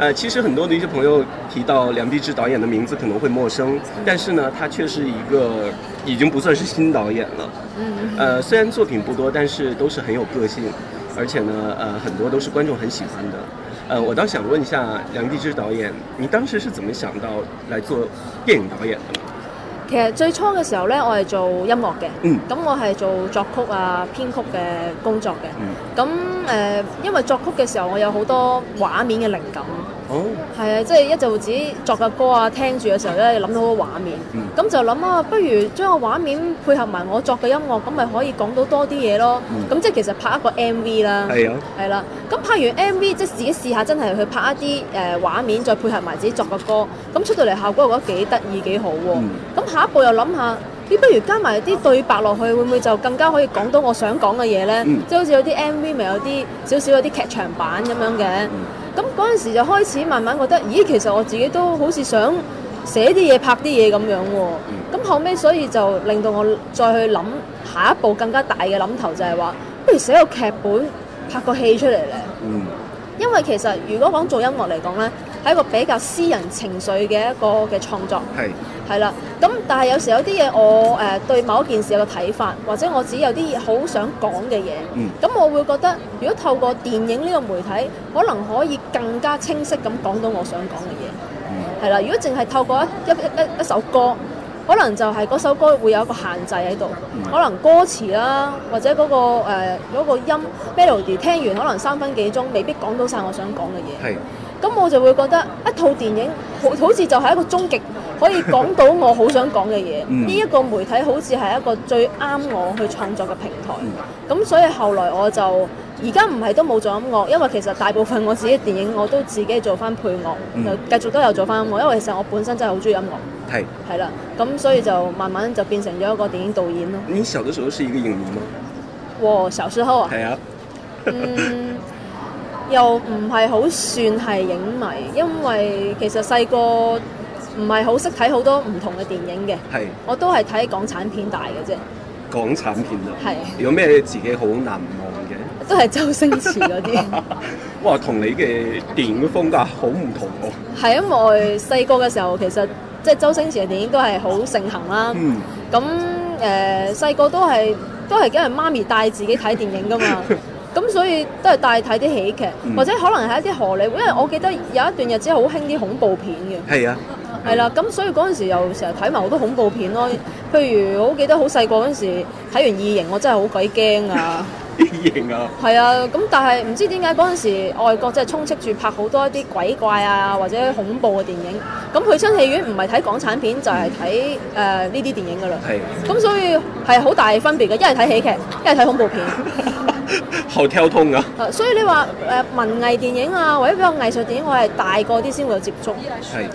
呃，其實很多的一些朋友提到梁碧芝導演的名字可能會陌生，但是呢，他卻是一個已經不算是新導演了。嗯。呃，雖然作品不多，但是都是很有個性，而且呢，呃，很多都是觀眾很喜歡的。呃，我倒想問一下梁碧芝導演，你當時是怎麼想到來做電影導演的？其實最初嘅時候呢，我是做音樂嘅。嗯。咁我係做作曲啊、編曲嘅工作嘅。嗯。咁、呃、因為作曲嘅時候，我有好多畫面嘅靈感。係、oh. 啊，即係一就自己作嘅歌啊，聽住嘅時候咧，諗到個畫面，咁、mm. 就諗啊，不如將個畫面配合埋我作嘅音樂，咁咪可以講到多啲嘢咯。咁、mm. 即係其實拍一個 M V 啦，係、yeah. 啦。咁拍完 M V，即係自己試下真係去拍一啲誒畫面，再配合埋自己作嘅歌，咁出到嚟效果，我覺得幾得意，幾好喎、啊。咁、mm. 下一步又諗下，你不如加埋啲對白落去，會唔會就更加可以講到我想講嘅嘢咧？即、mm. 係好似有啲 M V 咪有啲少少有啲劇場版咁樣嘅。Mm. 咁嗰時就開始慢慢覺得，咦，其實我自己都好似想寫啲嘢、拍啲嘢咁樣喎、啊。咁、嗯、後尾，所以就令到我再去諗下一步更加大嘅諗頭，就係話不如寫個劇本、拍個戲出嚟咧、嗯。因為其實如果講做音樂嚟講呢，係一個比較私人情緒嘅一個嘅創作，係係啦。咁但係有時有啲嘢，我誒對某一件事有個睇法，或者我自己有啲好想講嘅嘢，咁、嗯、我會覺得，如果透過電影呢個媒體，可能可以更加清晰咁講到我想講嘅嘢，係、嗯、啦。如果淨係透過一一一一,一首歌，可能就係嗰首歌會有一個限制喺度、嗯，可能歌詞啦、啊，或者嗰、那個呃嗰個音 Melody，聽完可能三分幾鐘，未必講到晒我想講嘅嘢。咁我就會覺得一套電影好好似就係一個終極可以講到我好想講嘅嘢，呢 一、嗯，這個媒體好似係一個最啱我去創作嘅平台。咁、嗯、所以後來我就而家唔係都冇做音樂，因為其實大部分我自己嘅電影我都自己做翻配樂、嗯，就繼續都有做翻音樂，因為其實我本身真係好中意音樂。係係啦，咁所以就慢慢就變成咗一個電影導演咯。你小的時候是一個影迷嗎？我、哦、小時候啊。係啊。 嗯。又唔係好算係影迷，因為其實細個唔係好識睇好多唔同嘅電影嘅，我都係睇港產片大嘅啫。港產片啊，係有咩自己好難忘嘅？都係周星馳嗰啲。 哇，同你嘅電影風格好唔同喎、啊。係因為細個嘅時候，其實即係周星馳嘅電影都係好盛行啦。嗯。咁誒細個都係都係因為媽咪帶自己睇電影㗎嘛。 咁所以都係帶睇啲喜劇，或者可能係一啲荷里活，因為我記得有一段日子好興啲恐怖片嘅。係啊，係啦，咁所以嗰陣時又成日睇埋好多恐怖片咯。譬如我記得好細個嗰陣時睇完異形，我真係好鬼驚啊！異形啊！係啊，咁但係唔知點解嗰陣時外國即係充斥住拍好多一啲鬼怪啊或者恐怖嘅電影。咁去親戲院唔係睇港產片就係睇誒呢啲電影㗎啦。係。咁所以係好大分別嘅，一係睇喜劇，一係睇恐怖片。 好跳通噶、啊，所以你話誒、呃、文藝電影啊，或者比較藝術電影，我係大個啲先會有接觸，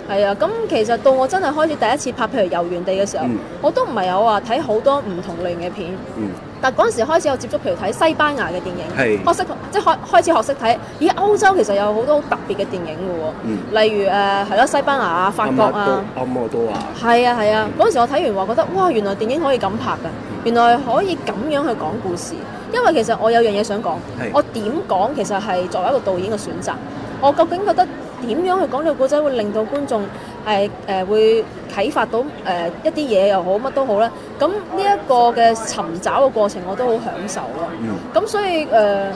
係啊。咁其實到我真係開始第一次拍，譬如遊園地嘅時候，嗯、我都唔係有話睇好多唔同類型嘅片，嗯、但嗰陣時開始有接觸，譬如睇西班牙嘅電影，係學識即係開開始學識睇。而歐洲其實有好多好特別嘅電影噶、嗯，例如誒係咯西班牙啊、法國啊，暗墨多啊，係啊係啊。嗰陣、啊啊嗯啊、時我睇完話覺得哇，原來電影可以咁拍噶，原來可以咁樣去講故事。因為其實我有樣嘢想講，我點講其實係作為一個導演嘅選擇。我究竟覺得點樣去講呢個故仔會令到觀眾係誒會啟發到誒、呃、一啲嘢又好乜都好咧？咁呢一個嘅尋找嘅過程我都好享受咯。咁、嗯、所以誒、呃，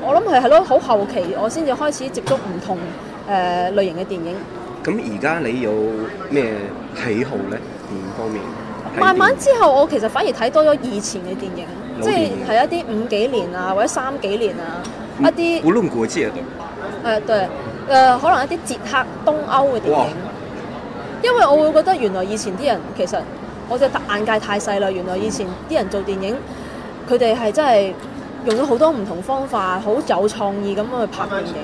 我諗係係咯，好後期我先至開始接觸唔同誒、呃、類型嘅電影。咁而家你有咩喜好呢？電影方面睇電影？慢慢之後，我其實反而睇多咗以前嘅電影。即係係一啲五幾年啊，或者三幾年啊，嗯、一啲古龍國字啊，對、呃，可能一啲捷克東歐嘅電影，因為我會覺得原來以前啲人其實我隻眼界太細啦。原來以前啲人做電影，佢哋係真係用咗好多唔同方法，好有創意咁去拍電影。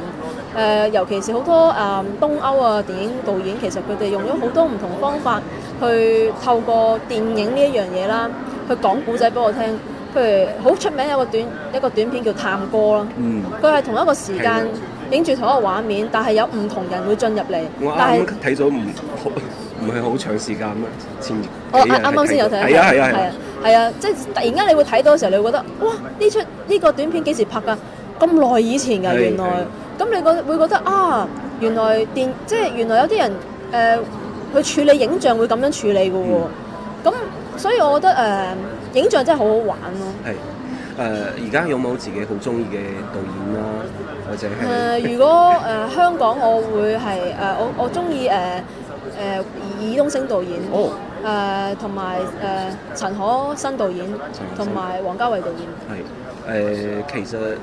呃、尤其是好多誒東、呃、歐啊電影導演，其實佢哋用咗好多唔同方法去透過電影呢一樣嘢啦，去講古仔俾我聽。譬如好出名有個短一個短片叫探歌咯，佢、嗯、係同一個時間影住同一個畫面，嗯、但係有唔同人會進入嚟。但啱睇咗唔唔係好長時間啦，前哦啱啱先有睇啊係啊係啊係啊，係啊,啊,啊,啊,啊,啊,啊即係突然間你會睇到嘅時候，你會覺得哇呢出呢、呢個短片幾時拍噶咁耐以前㗎、啊、原來，咁、啊、你覺會覺得啊原來電即係原來有啲人誒佢、呃、處理影像會咁樣處理嘅喎，咁、嗯、所以我覺得誒。呃影像真係好好玩咯、啊！係，誒而家有冇自己好中意嘅導演啦、啊，或者係誒、呃？如果誒、 呃、香港我、呃，我會係誒我我中意誒誒爾冬升導演，誒同埋誒陳可辛導演，同埋王家衛導演。係誒、呃，其實。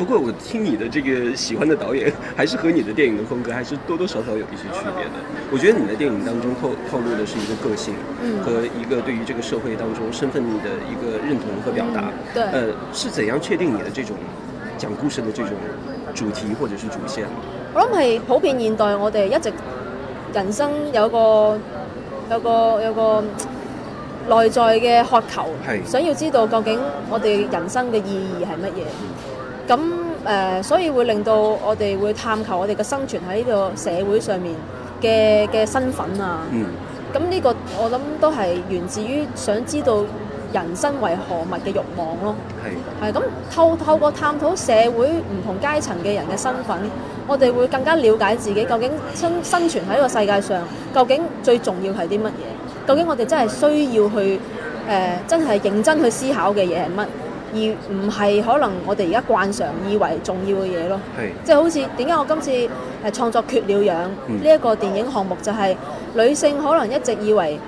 不過我聽你的這個喜歡的導演，還是和你的電影的風格還是多多少少有一些區別的。我覺得你的電影當中透透露的是一個個性，嗯，和一個對於這個社會當中身份的一個認同和表達、呃嗯。對，呃、嗯，是怎樣確定你的這種講故事的這種主題或者是主線？我諗係普遍現代，我哋一直人生有個有個有個內在嘅渴求，係想要知道究竟我哋人生嘅意義係乜嘢。嗯咁誒、呃，所以會令到我哋會探求我哋嘅生存喺呢個社會上面嘅嘅身份啊。嗯。咁呢個我諗都係源自於想知道人生為何物嘅慾望咯。係。係咁透透過探討社會唔同階層嘅人嘅身份，我哋會更加了解自己究竟生生存喺呢個世界上，究竟最重要係啲乜嘢？究竟我哋真係需要去誒、呃，真係認真去思考嘅嘢係乜？而唔係可能我哋而家慣常以為重要嘅嘢咯，即係、就是、好似點解我今次創作缺了樣，呢、這、一個電影項目就係、是嗯、女性可能一直以為，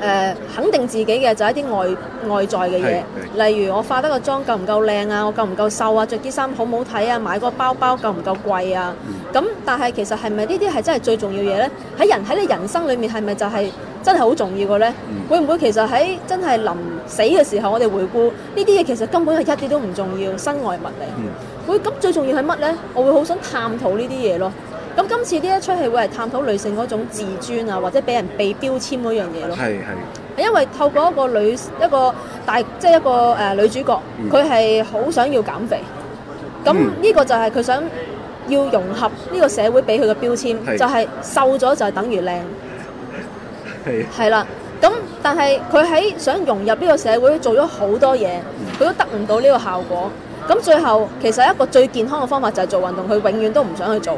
誒、呃、肯定自己嘅就係一啲外外在嘅嘢，例如我化得個妝夠唔夠靚啊，我夠唔夠瘦啊，着啲衫好唔好睇啊，買個包包夠唔夠貴啊？咁、嗯、但係其實係咪呢啲係真係最重要嘢呢？喺人喺你人生裏面係咪就係真係好重要嘅呢？嗯、會唔會其實喺真係臨死嘅時候，我哋回顧呢啲嘢其實根本係一啲都唔重要，身外物嚟。會、嗯、咁最重要係乜呢？我會好想探討呢啲嘢咯。咁今次呢一出戲會係探討女性嗰種自尊啊，或者俾人被標籤嗰樣嘢咯。係，係。因為透過一個女一個大即係、就是、一個、呃、女主角，佢係好想要減肥。咁呢個就係佢想要融合呢個社會俾佢嘅標籤，是，是，就係瘦咗就係等於靚。係。係啦，咁但係佢喺想融入呢個社會做咗好多嘢，佢、嗯、都得唔到呢個效果。咁最後其實一個最健康嘅方法就係做運動，佢永遠都唔想去做。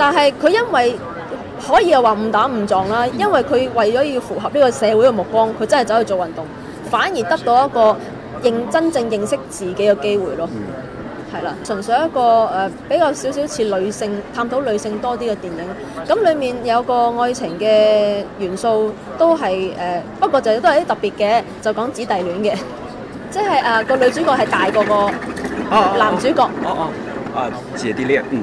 但係佢因為可以又話誤打誤撞啦，因為佢為咗要符合呢個社會嘅目光，佢真係走去做運動，反而得到一個認真正認識自己嘅機會咯。係啦，純粹一個誒比較少少似女性探討女性多啲嘅電影。咁裡面有個愛情嘅元素都係誒，不過就都係啲特別嘅，就講姐弟戀嘅，即係啊個女主角係大過個男主角。哦哦，啊姐弟戀，嗯。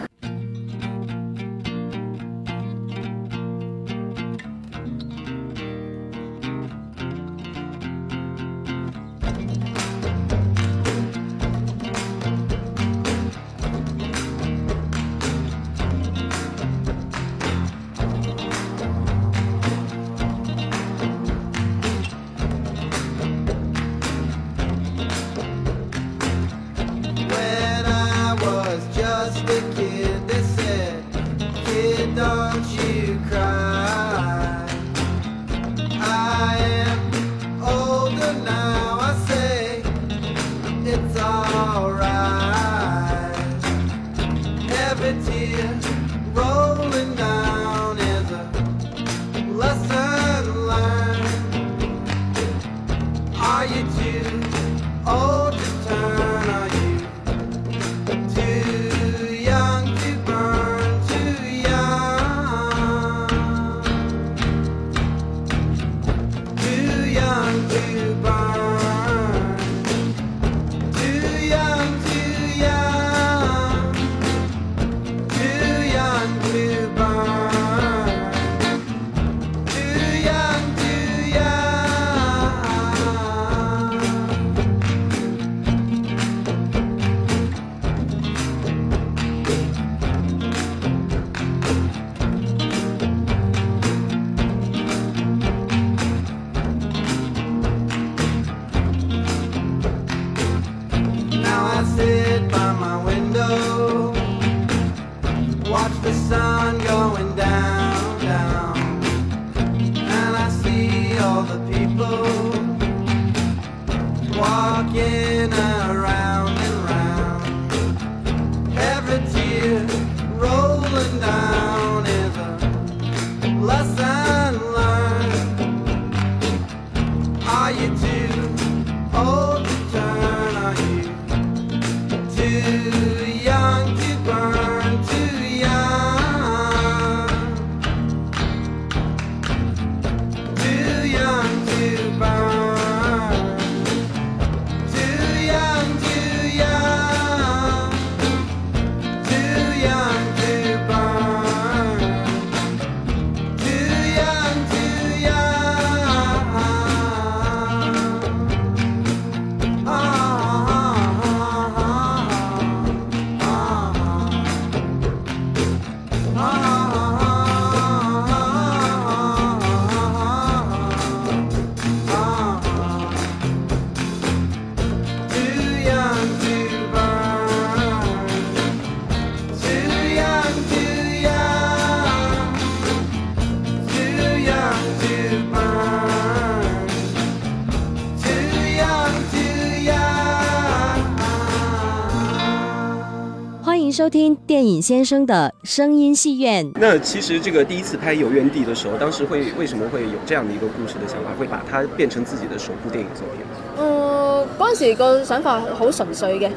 尹先生的聲音戲院，那其實這個第一次拍遊園地的時候，當時會為什麼會有這樣的一個故事的想法，會把它變成自己的首部電影作品？嗯，嗰陣時個想法好純粹嘅，係、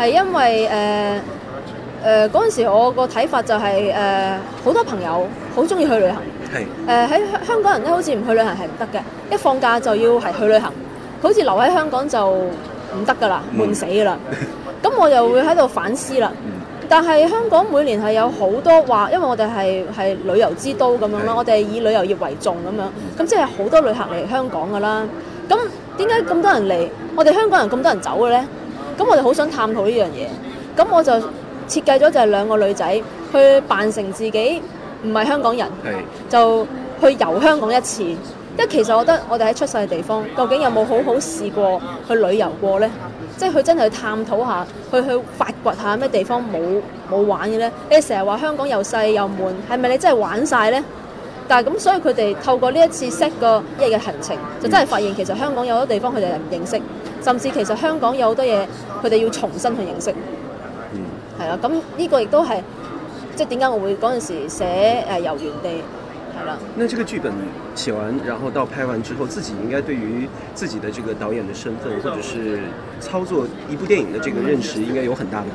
嗯、因為誒誒嗰陣時我個睇法就係誒好多朋友好中意去旅行，係誒喺香港人咧好似唔去旅行係唔得嘅，一放假就要係去旅行，好似留喺香港就唔得噶啦，悶、嗯、死噶啦，咁、 嗯、我又會喺度反思啦。嗯但係香港每年係有好多話，因為我哋係係旅遊之都咁樣啦，係我哋以旅遊業為重咁樣，咁即係好多旅客嚟香港㗎啦。咁點解咁多人嚟？我哋香港人咁多人走嘅呢？咁我哋好想探討呢樣嘢。咁我就設計咗就係兩個女仔去扮成自己唔係香港人，就去遊香港一次。因為其實我覺得我哋喺出世嘅地方，究竟有冇好好試過去旅遊過呢？即係佢真係去探討下，去去發掘下咩地方冇冇玩嘅呢？你成日話香港又細又悶，係咪你真係玩晒呢？但係咁，所以佢哋透過呢一次 set 個一日嘅行程，就真係發現其實香港有好多地方佢哋唔認識，甚至其實香港有好多嘢佢哋要重新去認識。嗯是，係啦，咁呢個亦都係即係點解我會嗰陣時候寫誒遊園地？那這個劇本寫完，然後到拍完之後，自己應該對於自己的這個導演的身份，或者是操作一部電影的這個認識，應該有很大的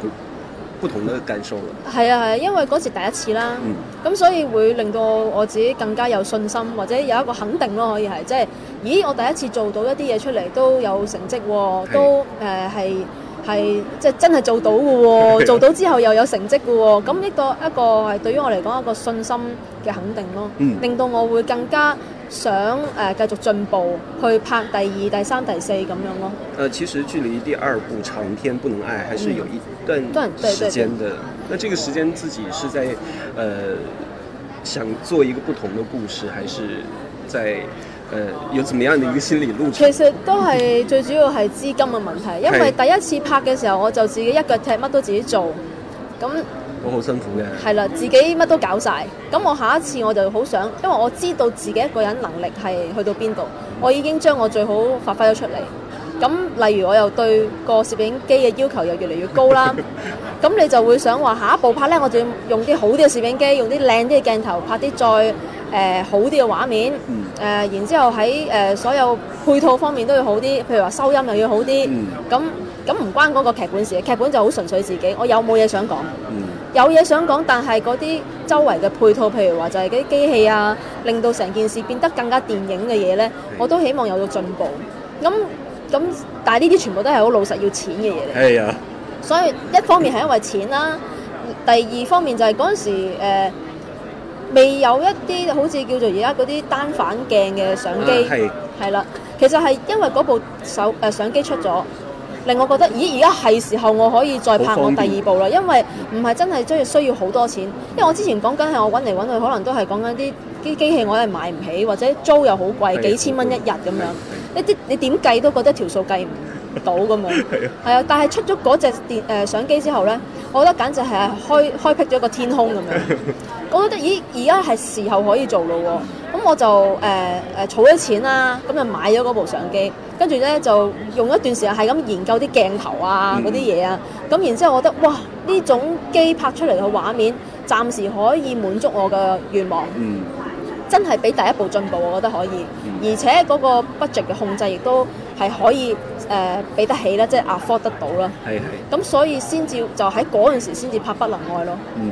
不同的感受了。係啊係、啊，因為嗰次第一次啦，咁、嗯、所以會令到我自己更加有信心，或者有一個肯定咯，可以係，即係，咦，我第一次做到一啲嘢出嚟都有成績、哦是，都誒係。呃是係即、就是、真係做到嘅喎、哦， 做到之後又有成績嘅喎，咁呢個一個係對於我嚟講一個信心嘅肯定咯、嗯，令到我會更加想誒繼、呃、續進步去拍第二、第三、第四咁樣咯、呃。其實距離第二部長片《不能愛》還是有一段時間的、嗯，那這個時間自己是在、呃、想做一個不同的故事，還是在？誒、呃，有怎麼樣的一個心理路程？其實都係最主要係資金嘅問題，因為第一次拍嘅時候，我就自己一腳踢，乜都自己做，咁我好辛苦嘅。係啦，自己乜都搞晒，咁我下一次我就好想，因為我知道自己一個人能力係去到邊度，我已經將我最好發揮咗出嚟。咁例如我又對個攝影機嘅要求又越嚟越高啦，咁 你就會想話下一步拍呢，我就要用啲好啲嘅攝影機，用啲靚啲嘅鏡頭拍啲再。誒、呃、好啲嘅畫面，嗯呃、然之後喺、呃、所有配套方面都要好啲，譬如話收音又要好啲，咁咁唔關嗰個劇本事，劇本就好純粹自己，我有冇嘢想講、嗯，有嘢想講，但係嗰啲周圍嘅配套，譬如話就係嗰啲機器啊，令到成件事變得更加電影嘅嘢呢，我都希望有個進步。咁咁，但係呢啲全部都係好老實要錢嘅嘢嚟。所以一方面係因為錢啦，第二方面就係嗰陣時、呃未有一啲好似叫做而家嗰啲單反鏡嘅相機，係、啊、啦，其實係因為嗰部手誒、啊、相機出咗，令我覺得，咦，而家係時候我可以再拍我第二部啦，因為唔係真係真係需要好多錢，因為我之前講緊係我揾嚟揾去，可能都係講緊啲啲機器，我係買唔起，或者租又好貴，幾千蚊一日咁樣，一啲你點計都覺得條數計唔到咁樣，係啊，但係出咗嗰隻電誒、呃、相機之後咧，我覺得簡直係開開闢咗一個天空咁樣。 我覺得咦，而家係時候可以做咯喎，咁我就誒儲咗錢啦，咁就買咗嗰部相機，跟住咧就用一段時間係咁研究啲鏡頭啊嗰啲嘢啊，咁、嗯、然之後我覺得哇，呢種機拍出嚟嘅畫面暫時可以滿足我嘅願望，嗯、真係俾第一步進步，我覺得可以，嗯、而且嗰個 budget 嘅控制亦都係可以誒俾、呃、得起啦，即、就、係、是、afford 得到啦，係咁所以先至就喺嗰陣時先至拍不能愛咯。嗯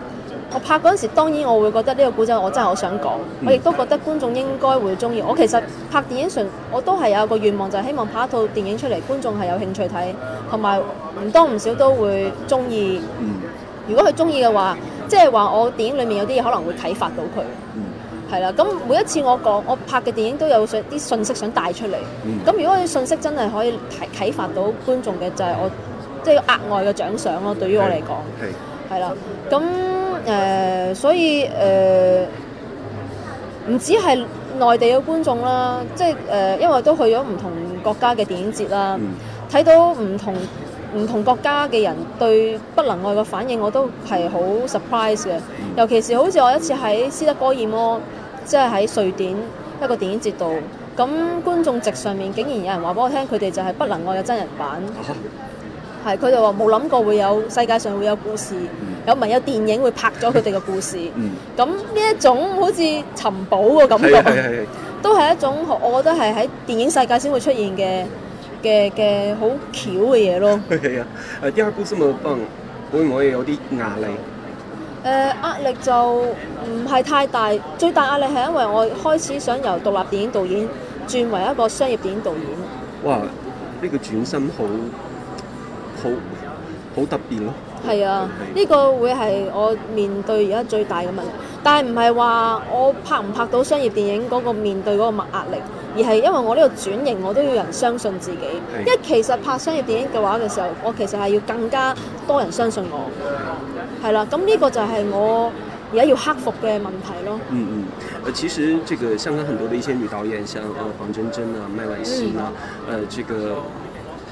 我拍嗰陣時，當然我會覺得呢個古仔我真係好想講，我亦都覺得觀眾應該會中意。我其實拍電影上，我都係有個願望，就係希望拍一套電影出嚟，觀眾係有興趣睇，同埋唔多唔少都會中意。如果佢中意嘅話，即係話我電影裡面有啲嘢可能會啟發到佢，係啦。咁每一次我講我拍嘅電影都有想啲信息想帶出嚟。咁如果啲信息真係可以啟啟發到觀眾嘅，就係我即係額外嘅獎賞咯。對於我嚟講，係啦，咁誒、呃，所以誒，唔、呃、止係內地嘅觀眾啦，即係誒、呃，因為都去咗唔同國家嘅電影節啦，睇、嗯、到唔同唔同國家嘅人對《不能愛》嘅反應，我都係好 surprise 嘅。尤其是好似我一次喺斯德哥爾摩，即係喺瑞典一個電影節度，咁觀眾席上面竟然有人話俾我聽，佢哋就係《不能愛》嘅真人版。哦。係佢哋話冇諗過會有世界上會有故事，有、嗯、咪有電影會拍咗佢哋嘅故事？咁、嗯、呢一種好似尋寶嘅感覺，是是是是都係一種我覺得係喺電影世界先會出現嘅嘅嘅好巧嘅嘢咯。係、嗯、啊，啊、嗯，啲阿姑心有崩，會唔會有啲壓力？誒，壓力就唔係太大，最大壓力係因為我開始想由獨立電影導演轉為一個商業電影導演。哇，呢、這個轉身好～好好特別咯、哦，係啊，呢、這個會係我面對而家最大嘅問題。但係唔係話我拍唔拍到商業電影嗰個面對嗰個壓壓力，而係因為我呢個轉型，我都要人相信自己。因為其實拍商業電影嘅話嘅時候，我其實係要更加多人相信我。係啦、啊，咁呢個就係我而家要克服嘅問題咯。嗯嗯，呃，其實這個香港很多的一些女導演，像呃黃真真啊、麥婉欣啊、嗯，呃，這個。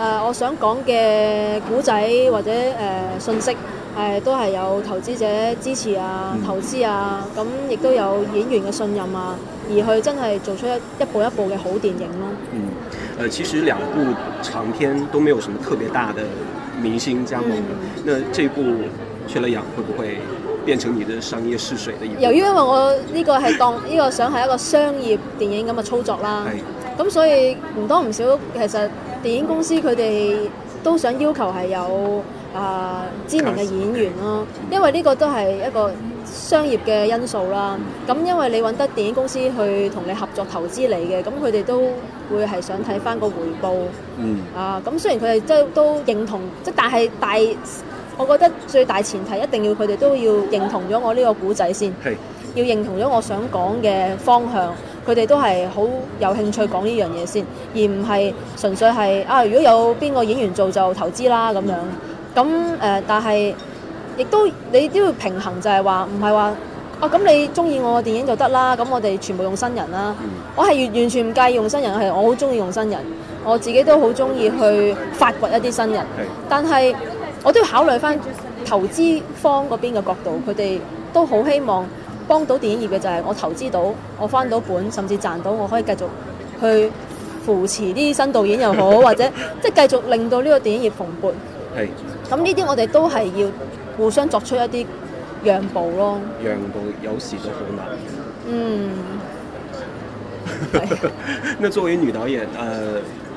誒、呃，我想講嘅古仔或者誒、呃、信息，誒、呃、都係有投資者支持啊、投資啊，咁、嗯、亦、嗯嗯嗯、都有演員嘅信任啊，而去真係做出一一步一步嘅好電影咯、啊。嗯、誒、呃，其實兩部長片都沒有什麼特別大嘅明星加盟、嗯，那這部缺了氧，會不會變成你的商業試水的一部？由於因為我呢個係當呢 個想係一個商業電影咁嘅操作啦，咁、哎嗯、所以唔多唔少其實。電影公司佢哋都想要求係有啊、呃、知名嘅演員咯、啊，因為呢個都係一個商業嘅因素啦。咁因為你揾得電影公司去同你合作投資嚟嘅，咁佢哋都會係想睇翻個回報。嗯、啊，咁雖然佢哋都認同，即但係大，我覺得最大前提一定要佢哋都要認同咗我呢個古仔先，要認同咗我想講嘅方向。佢哋都係好有興趣講呢樣嘢先，而唔係純粹係啊！如果有邊個演員做就投資啦咁樣。咁、嗯、誒、呃，但係亦都你都要平衡就係話，就係話唔係話啊咁你中意我嘅電影就得啦。咁我哋全部用新人啦。我係完完全唔介意用新人，我係我好中意用新人。我自己都好中意去發掘一啲新人。但係我都要考慮翻投資方嗰邊嘅角度，佢哋都好希望。幫到電影業嘅就係我投資到，我返到本，甚至賺到，我可以繼續去扶持啲新導演又好， 或者即係繼續令到呢個電影業蓬勃。係。咁呢啲我哋都係要互相作出一啲讓步咯。讓步有時都好難。嗯。 是 那作為女導，導演，誒、呃。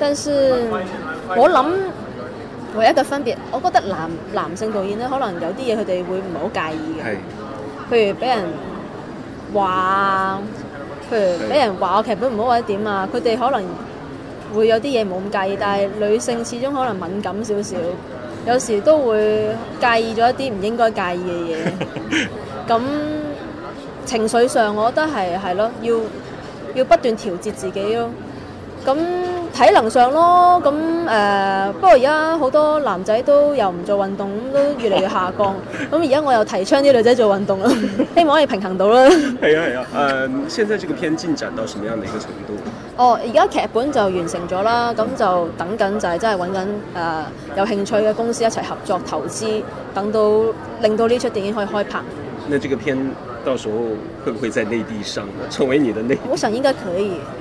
但是我諗唯一嘅分別，我覺得男男性導演咧，可能有啲嘢佢哋會唔係好介意嘅，譬如俾人話，譬如俾人話我劇本唔好或者點啊，佢哋可能會有啲嘢冇咁介意，但係女性始終可能敏感少少，有時都會介意咗一啲唔應該介意嘅嘢，咁情緒上我覺得係係咯，要要不斷調節自己咯。咁體能上咯，咁誒、呃、不過而家好多男仔都又唔做運動，咁都越嚟越下降。咁而家我又提倡啲女仔做運動啦，希望可以平衡到啦。係啊係啊，嗯，現在這個片進展到什麼樣的一個程度？哦，而家劇本就完成咗啦，咁就等緊就係真係揾緊誒有興趣嘅公司一齊合作投資，等到令到呢出電影可以開拍。呢個片到時候會不會在內地上呢成為你的內地？我想應該可以。